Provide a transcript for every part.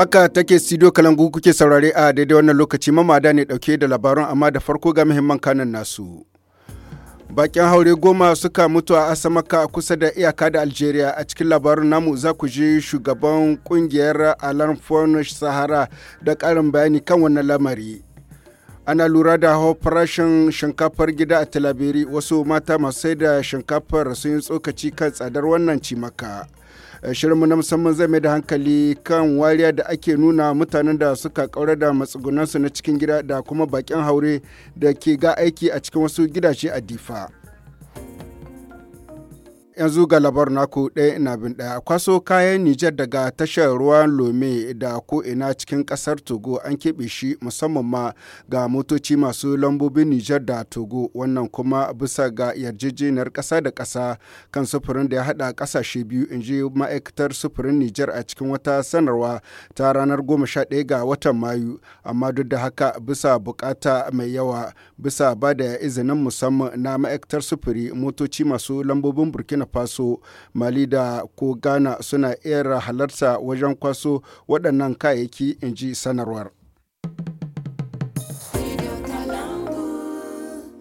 Haka take studio kalangu kuke saurare a daidai wannan lokaci mamada ne dauke da labarun amma da farko ga muhimman kanan nasu. Bakin haure goma suka mutu a Asamaka kusa da iyaka da Algeria a cikin labarun namu za ku je shugaban kungiyar Alarm Sahara da karin bayani kan wannan lamari. ana lura da hau farashin shinkafar gida a talabiri wasu mata masu sai da shinkafar sun yi tsokaci kan tsadar wannan cimaka shirinmu na musamman zai mai da hankali kan wariya da ake nuna mutanen da suka kaura da matsugunansu na cikin gida da kuma bakin haure da ke ga aiki a cikin wasu gidaje a difa. yanzu ga labar naku ɗaya ina bin ɗaya kwaso kayan nijar daga tashar ruwan lome da ko ina cikin ƙasar togo an keɓe shi musamman ma ga motoci masu lambobin nijar da togo wannan kuma bisa ga yarjejeniyar ƙasa da ƙasa kan sufurin da ya haɗa ƙasashe biyu in je ma'aikatar sufurin nijar a cikin wata sanarwa ta ranar goma sha ɗaya ga watan mayu amma duk da haka bisa buƙata mai yawa bisa ba da izinin musamman na ma'aikatar sufuri motoci masu lambobin burkina faso mali da ko ghana suna iya halarta wajen kwaso waɗannan kayayyaki in ji sanarwar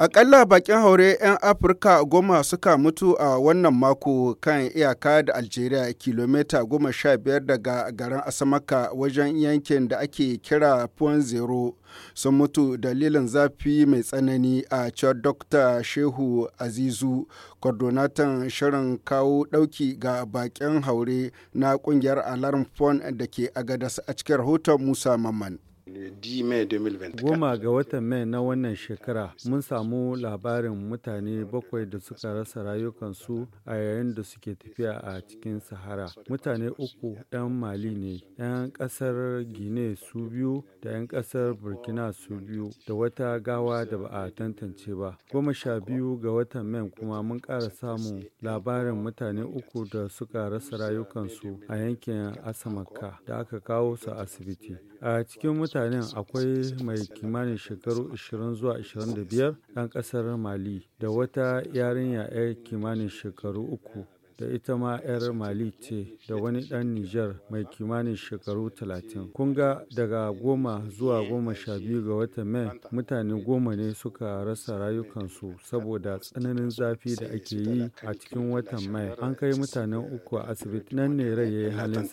Akalla bakin haure 'yan Afirka goma suka mutu a wannan mako kan iyaka da Algeria kilomita goma sha biyar daga garin Asamaka wajen yankin da ake kira Point Zero sun mutu dalilin zafi mai tsanani a cewar Dr. Shehu Azizu, kordonatan shirin kawo ɗauki ga bakin haure na kungiyar Alarm phone da ke agadas a cikin rahoton Musa Maman. Goma ga watan Mai na wannan shekara mun samu labarin mutane bakwai da suka rasa rayukansu a yayin da suke tafiya a cikin Sahara. Mutane uku ɗan Mali ne, 'yan ƙasar Gine su biyu da 'yan ƙasar Burkina su biyu da wata gawa da ba a tantance ba. Goma sha biyu ga watan Mai kuma mun ƙara samun labarin mutane uku da suka rasa rayukansu a yankin Asamaka da aka kawo su asibiti. A cikin mutanen akwai mai kimanin shekaru 20 zuwa 25 ɗan ƙasar mali da wata yarinya 'yar kimanin shekaru uku da ita ma 'yar mali ce da wani ɗan nijar mai kimanin shekaru 30 kun daga goma zuwa goma sha biyu ga watan mai mutane goma ne suka rasa rayukansu saboda tsananin zafi da ake yi a cikin watan mai an kai mutanen uku a asibiti nan ne rai ya yi halinsa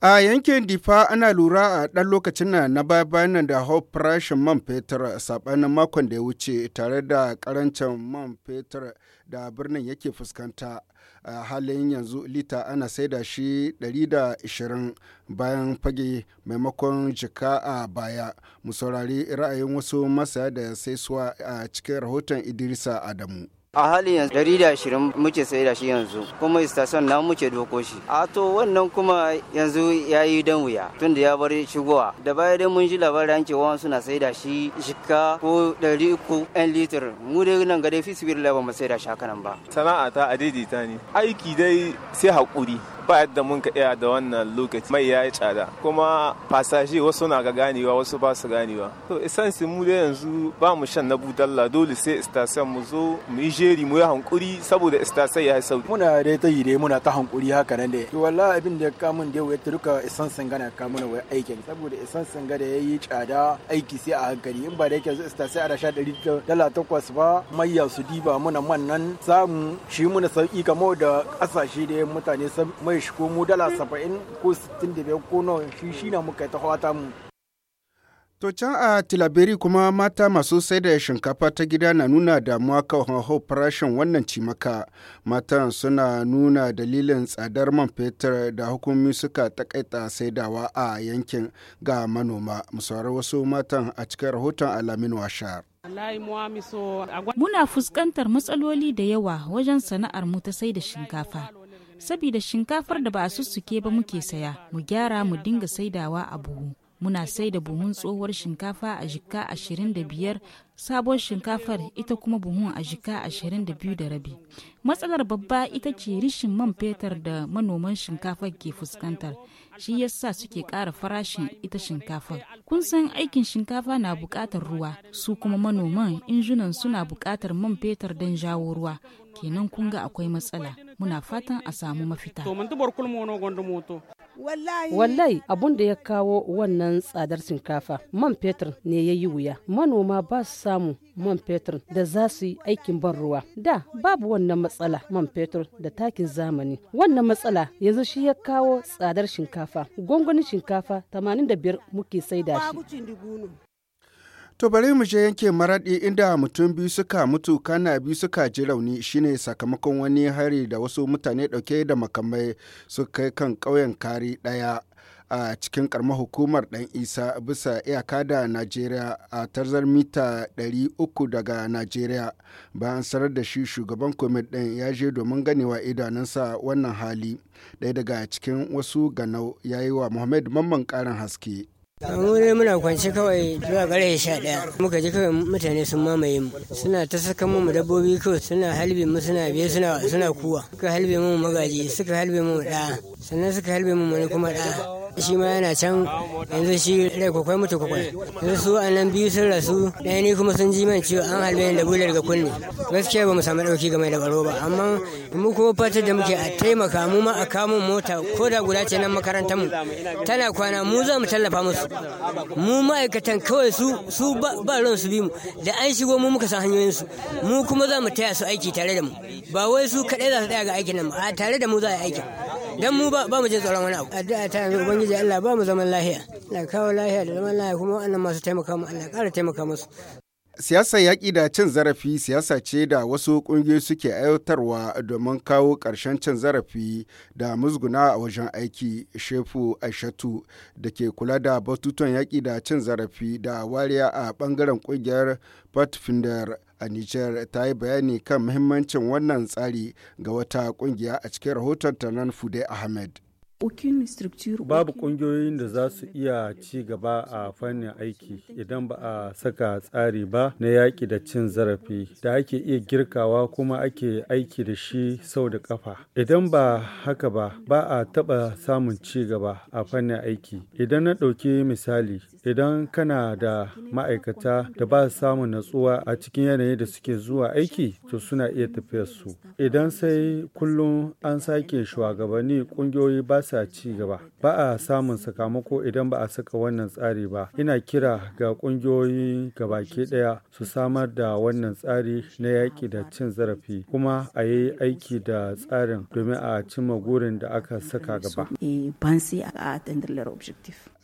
A yankin Difa ana lura a ɗan lokacin na na baya da hau farashin man fetur saɓanin makon da ya wuce tare da ƙarancin man fetur da birnin yake fuskanta. A halin yanzu lita ana saida shi 120 bayan fage maimakon jika a baya. musaurari ra'ayin wasu masaya da saisuwa a cikin rahoton Idrisa Adamu. a halin yanzu dari da ashirin muke sai da shi yanzu kuma istason na muke doko shi a to wannan kuma yanzu ya yi dan wuya tun da ya bar shigowa da baya dai mun ji labarin cewa suna sai da shi shika ko dari uku yan litir mu dai nan ga dai fi sibir ba mu sai da shi nan ba sana'a ta adaidaita ne aiki dai sai haƙuri ba yadda mun ka iya da wannan lokaci mai ya yi tsada kuma fasashi wasu na ga ganewa wasu ba su ganewa to isansi mu da yanzu ba mu shan na budalla dole sai istasiyan mu zo mu yi jeri mu yi hankuri saboda istasiyan ya yi sauki muna dai ta yi dai muna ta hankuri haka nan dai to wallahi abin da ya kamun dai wai turka isansin gana kamun wai aikin saboda isansin ga da yayi tsada aiki sai a hankali in ba da yake yanzu istasiyan a sha ɗari dala takwas ba mayya su diba muna man nan samu shi muna sauki kamar da ƙasashe da mutane mai man shi ko mu dala saba'in ko sittin da biyar ko nawa shi shi na muka ta hawa mu. To can a Tilaberi kuma mata masu sai da shinkafa ta gida na nuna damuwa kan hauhau farashin wannan cimaka. Matan suna nuna dalilin tsadar man fetur da hukumi suka takaita saidawa a yankin ga manoma. Musawar wasu matan a cikin rahoton Alamin Washar. Muna fuskantar matsaloli da yawa wajen sana'ar mu ta sai da shinkafa. saboda shinkafar da ba a sussuke ba muke saya mu gyara mu dinga saidawa a buhu muna sai da buhun tsohuwar shinkafa a jika biyar sabuwar shinkafar ita kuma buhun a jika biyu da rabi matsalar babba ita ce rishin man fetur da manoman shinkafar ke fuskantar shi yasa suke ƙara farashin ita shinkafa kun san aikin shinkafa na buƙatar ruwa su kuma manoman injunan suna buƙatar man fetur don jawo ruwa kenan kun ga akwai matsala muna fatan a samu mafita wallahi abun da ya kawo wannan tsadar shinkafa man fetur ne ya yi wuya manoma ba su samu man fetur da za su yi aikin ban ruwa da babu wannan matsala man fetur da takin zamani wannan matsala yanzu shi ya kawo tsadar shinkafa gwangwanin shinkafa 85 muke saida shi To bari mu je yanke maraɗi inda mutum biyu suka mutu kana biyu suka ji rauni shine sakamakon wani hari da wasu mutane ɗauke da makamai suka kai kan kauyen kari ɗaya a cikin karma hukumar ɗan isa bisa iyaka da najeriya a tarzar mita 300 daga najeriya bayan sarar da shi shugaban kwamit ɗin ya je domin ganewa idanunsa wannan hali ɗaya daga cikin wasu ganau ya yi wa muhammad mamman ƙarin haske mu dai muna kwance kawai zuwa gare sha ɗaya muka ji kawai mutane sun mamaye mu suna ta saka mu dabbobi kawai suna halbe mu suna biye suna kuwa suka halbe mu magaji suka halbe mu ɗa sannan suka halbe mu wani kuma ɗa shi ma yana can yanzu shi rai kwakwai mutu kwakwai yanzu su a nan biyu sun rasu ɗaya ni kuma sun ji man cewa an halbe da bude ga kunne gaskiya ba mu samu ɗauki game da baro ba amma mu ko fatar da muke a taimaka mu ma a kamun mota ko da guda ce nan makarantar mu tana kwana mu za mu tallafa musu mu ma'aikatan kawai su su ba ran su bi mu da an shigo mu muka san hanyoyin su mu kuma za mu taya su aiki tare da mu ba wai su kaɗai za su tsaya ga aikin nan a tare da mu za a yi aikin dan mu ba mu jin tsoron wani abu addu'a ta yanzu ubangiji Allah ba mu zaman lahiya Allah kawo lahiya da zaman lahiya kuma wannan masu taimaka mu Allah ƙara taimaka musu siyasa yaƙi da cin zarafi siyasa ce da wasu ƙungiyoyi suke aiwatarwa domin kawo ƙarshen cin zarafi da musguna a wajen aiki shefu aishatu da ke kula da batutuwan yaƙi da cin zarafi da wariya a ɓangaren ƙungiyar pathfinder a Nijar ta yi bayani kan muhimmancin wannan tsari ga wata kungiya a cikin rahoton ta nan Fude Ahmed. Babu ƙungiyoyin da za su iya ci gaba a fannin aiki idan ba a saka tsari ba na yaƙi da cin zarafi da ake iya girkawa kuma ake aiki da shi sau da ƙafa. Idan ba haka ba, ba a taɓa samun ci gaba a fannin aiki. Idan na ɗauki misali, idan kana da ma'aikata da ba su samun natsuwa a cikin yanayin da suke zuwa aiki, to suna iya tafiyar su. Idan sai kullum an sake shugabanni ƙungiyoyi ba sa ci gaba. Ba a samun sakamako idan ba a saka wannan tsari ba. Ina kira ga ƙungiyoyi gabaki ɗaya su samar da wannan tsari na yaƙi da cin zarafi kuma a yi aiki da tsarin domin a cimma gurin da aka saka gaba.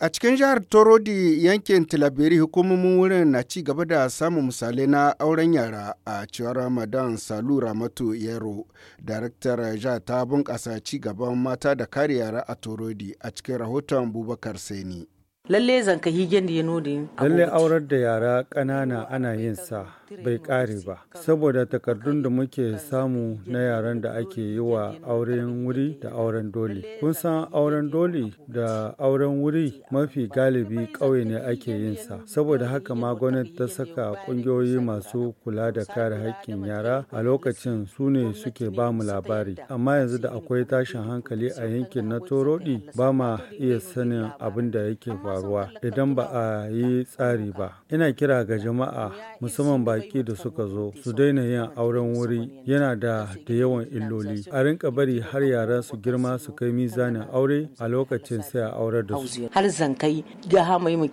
A cikin jihar Torodi yankin Tilaberi hukumomin wurin na ci gaba da samun misalai na auren yara a cewar Ramadan Salu Ramatu Yero, Daraktar jihar ta bunƙasa ci gaban mata da kare yara a Torodi a cikin rahoton Bubakar Seni. Lalle zanka higen da ya nodin. Lalle aurar da yara ƙanana ana yin sa. bai ƙare ba saboda takardun da muke samu na yaran da ake yi wa auren wuri da auren dole kun san auren dole da auren wuri mafi galibi ƙauye ne ake yin sa saboda haka ma gwamnati ta saka ƙungiyoyi masu kula da kare haƙƙin yara a lokacin su ne suke ba mu labari amma yanzu da akwai tashin hankali a yankin na torodi ba ma iya sanin abin da yake faruwa idan ba a yi tsari ba ina kira ga jama'a musamman ba baki da suka zo su daina yin auren wuri yana da da yawan illoli a rinka bari har yara su girma su kai mizanin aure a lokacin sai a aurar da su har zankai ga hamai mu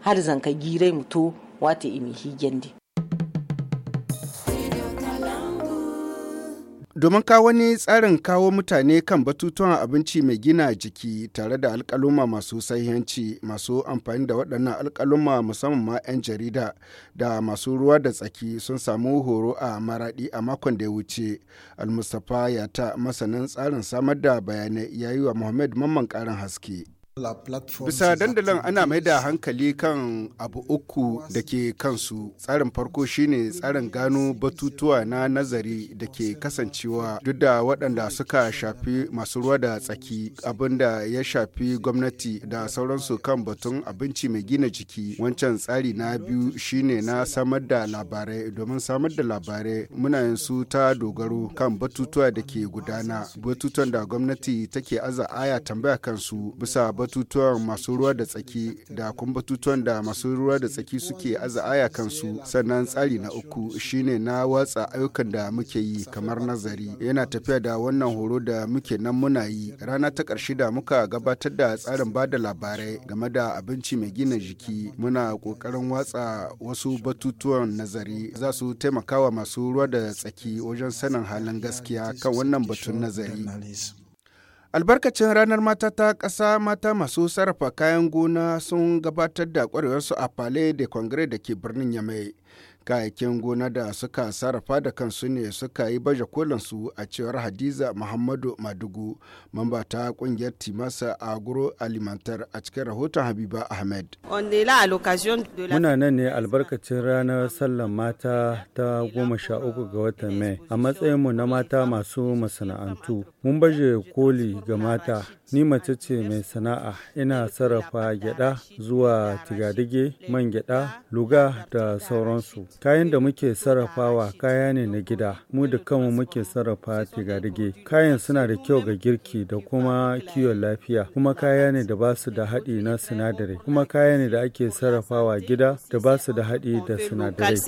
har zankai girai mu to wata imi domin kawo wani tsarin kawo mutane kan batutuwan abinci mai gina jiki tare da alkaluma masu sahihanci masu amfani da waɗannan alkaluma musamman ma 'yan jarida da masu ruwa da tsaki sun samu horo a maraɗi a makon da ya wuce almustapha ta masanin tsarin samar da bayanai ya yi wa muhammad mamman ƙarin haske Bisa dandalin ana mai da hankali kan abu uku da ke kansu. Tsarin farko shine tsarin gano batutuwa na nazari da ke kasancewa duk da waɗanda suka shafi masu ruwa da tsaki abinda ya shafi gwamnati da sauransu kan batun abinci mai gina jiki. Wancan tsari na biyu shine na samar da labarai domin samar da labarai muna yin su ta dogaro kan batutuwa da ke gudana batutuwan da gwamnati take aza aya tambaya kansu bisa batutuwan masu ruwa da tsaki da kuma batutuwan da masu ruwa da tsaki suke aza aya kansu sannan tsari na uku shine na watsa ayyukan da muke yi kamar nazari yana tafiya da wannan horo da muke nan muna yi rana ta karshe da muka gabatar da tsarin ba da labarai game da abinci mai gina jiki muna ƙoƙarin watsa wasu batutuwan nazari za su taimakawa masu ruwa da tsaki wajen sanin halin gaskiya kan wannan batun nazari. albarkacin ranar mata ta ƙasa mata masu sarrafa kayan gona sun gabatar da ƙwarewarsu a palais de congrès da ke birnin yamai kayayyakin gona da suka sarrafa da kansu ne suka yi baje su a cewar hadiza muhammadu madugu mamba ta kungiyar timasa agro alimantar a cikin rahoton habiba ahmed muna nan ne albarkacin ranar sallan mata ta goma sha uku ga watan mai a matsayin mu na mata masu masana'antu mun baje koli ga mata ni mace ce mai sana'a ina sarrafa gyada zuwa tigadige man gyada luga da sauransu Kayan da muke sarrafawa kaya ne na gida, mu da kanmu muke sarrafa tigarige. Kayan suna da kyau ga girki da kuma kiwon lafiya, kuma kaya ne da ba su da haɗi na sinadarai, kuma kaya ne da ake sarrafawa gida da ba su da haɗi da sinadarai.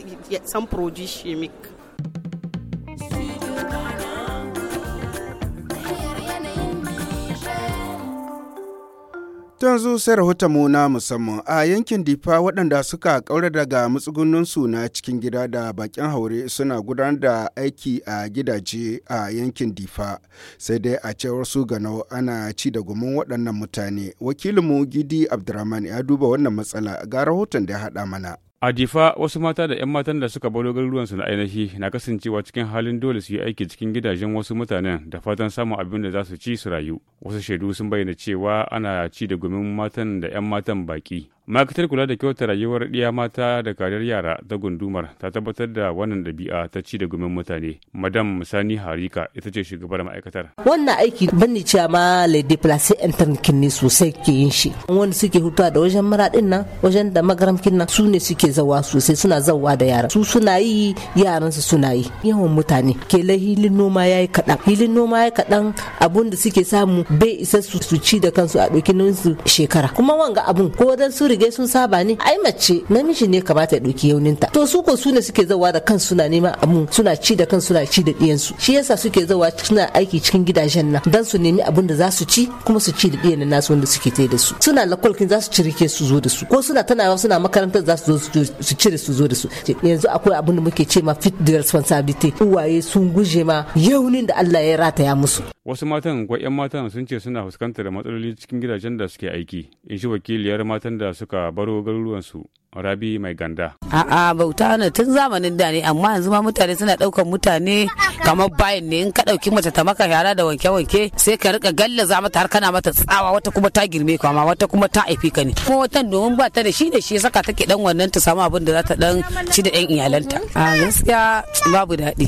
yanzu sai mu na musamman a yankin difa waɗanda suka ƙaura daga matsugunninsu na cikin gida da bakin haure suna gudanar da aiki a gidaje a yankin difa sai dai a cewar su ganau ana ci da gumin waɗannan mutane wakilinmu gidi abdulrahman ya duba wannan matsala ga rahoton da ya haɗa mana A difa wasu mata da 'yan matan da suka garuruwan garuruwansu na ainihi na kasancewa cikin halin dole su yi aiki cikin gidajen wasu mutanen da fatan samun abin da za su ci su rayu. Wasu shaidu sun bayyana cewa ana ci da gumin matan da 'yan matan baki. ma'aikatar kula da kyautar rayuwar ɗiya mata da kariyar yara ta gundumar ta tabbatar da wannan ɗabi'a ta ci da gumin mutane madam musani harika ita ce shugabar ma'aikatar wannan aiki banni cewa ma le déplacer internet kinni sosai ke yin shi wanda suke hutuwa da wajen maraɗin nan wajen da magaram nan su ne suke zawa sosai suna zawa da yara su suna yi yaran su suna yi yawan mutane ke la hilin noma yayi kaɗan hilin noma yayi kaɗan abun da suke samu bai isa su ci da kansu a ɗauki su shekara kuma wanga abun ko dan su dai sun saba ne ai mace namiji ne kamata ya ɗauki yauninta to su ko su ne suke zawa da kansu suna nema amu suna ci da kansu suna ci da diyansu shi yasa suke zawa suna aiki cikin gidajen nan dan su nemi abin da za su ci kuma su ci da ɗiyan nasu wanda suke tai da su suna lakulkin za su cirike su zo da su ko suna tana suna makarantar za su zo su cire su zo da su yanzu akwai abin da muke ce ma fit the responsibility uwaye sun guje ma yaunin da Allah ya rataya musu wasu matan ko 'yan matan sun ce suna fuskantar matsaloli cikin gidajen da suke aiki in shi wakiliyar matan da suka baro garuruwansu Rabi mai ganda. A'a bauta ne tun zamanin da ne amma yanzu ma mutane suna daukan mutane kamar bayan ne in ka dauki mace ta maka yara da wanke-wanke sai ka rika za mata har kana mata tsawa wata kuma ta girme ka ma wata kuma ta aifi ka ne kuma watan domin ba ta da shi da shi saka take dan wannan ta samu abin da za ta dan ci da yan iyalanta. A gaskiya babu daɗi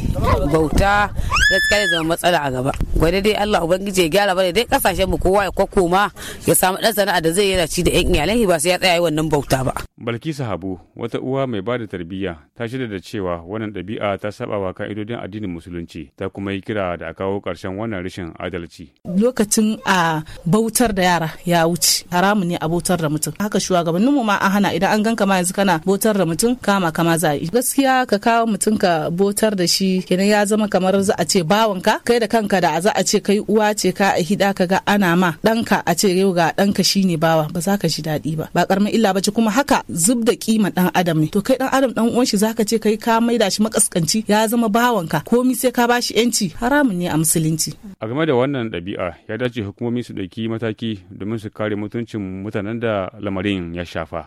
bauta gaskiya zama matsala a gaba. Gwada dai Allah Ubangiji ya gyara bane dai kasashen mu kowa ya ma ya samu ɗan sana'a da zai yana ci da yan iyalai ba sai ya tsaya wannan bauta ba. Balkisa Habu, wata uwa mai ba da tarbiyya, ta shirya da cewa wannan ɗabi'a ta saba wa ka'idodin addinin musulunci, ta kuma yi kira da a kawo ƙarshen wannan rashin adalci. Lokacin a bautar da yara ya wuce, haramu ne a bautar da mutum. Haka shugabannin mu ma a hana idan an gan ka ma yanzu kana bautar da mutum kama kama za yi. Gaskiya ka kawo mutum ka bautar da shi kenan ya zama kamar za a ce bawanka, kai da kanka da a za a ce kai uwa ce ka a hida ka ga ana ma ɗanka a ce yau ga ɗanka ne bawa ba za ka ji daɗi ba. Ba ƙaramin illa ba ce kuma haka zub da kima dan adam ne to kai dan adam dan uwan shi zaka ce kai ka maida shi makaskanci ya zama bawanka komi sai ka bashi yanci haramun ne a musulunci a game da wannan ɗabi'a ya dace hukumomi su ɗauki mataki domin su kare mutuncin mutanen da lamarin ya shafa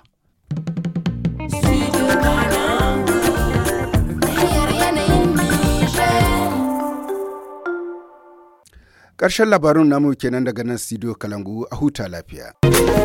karshen labarun namu kenan daga nan studio Kalangu a huta lafiya.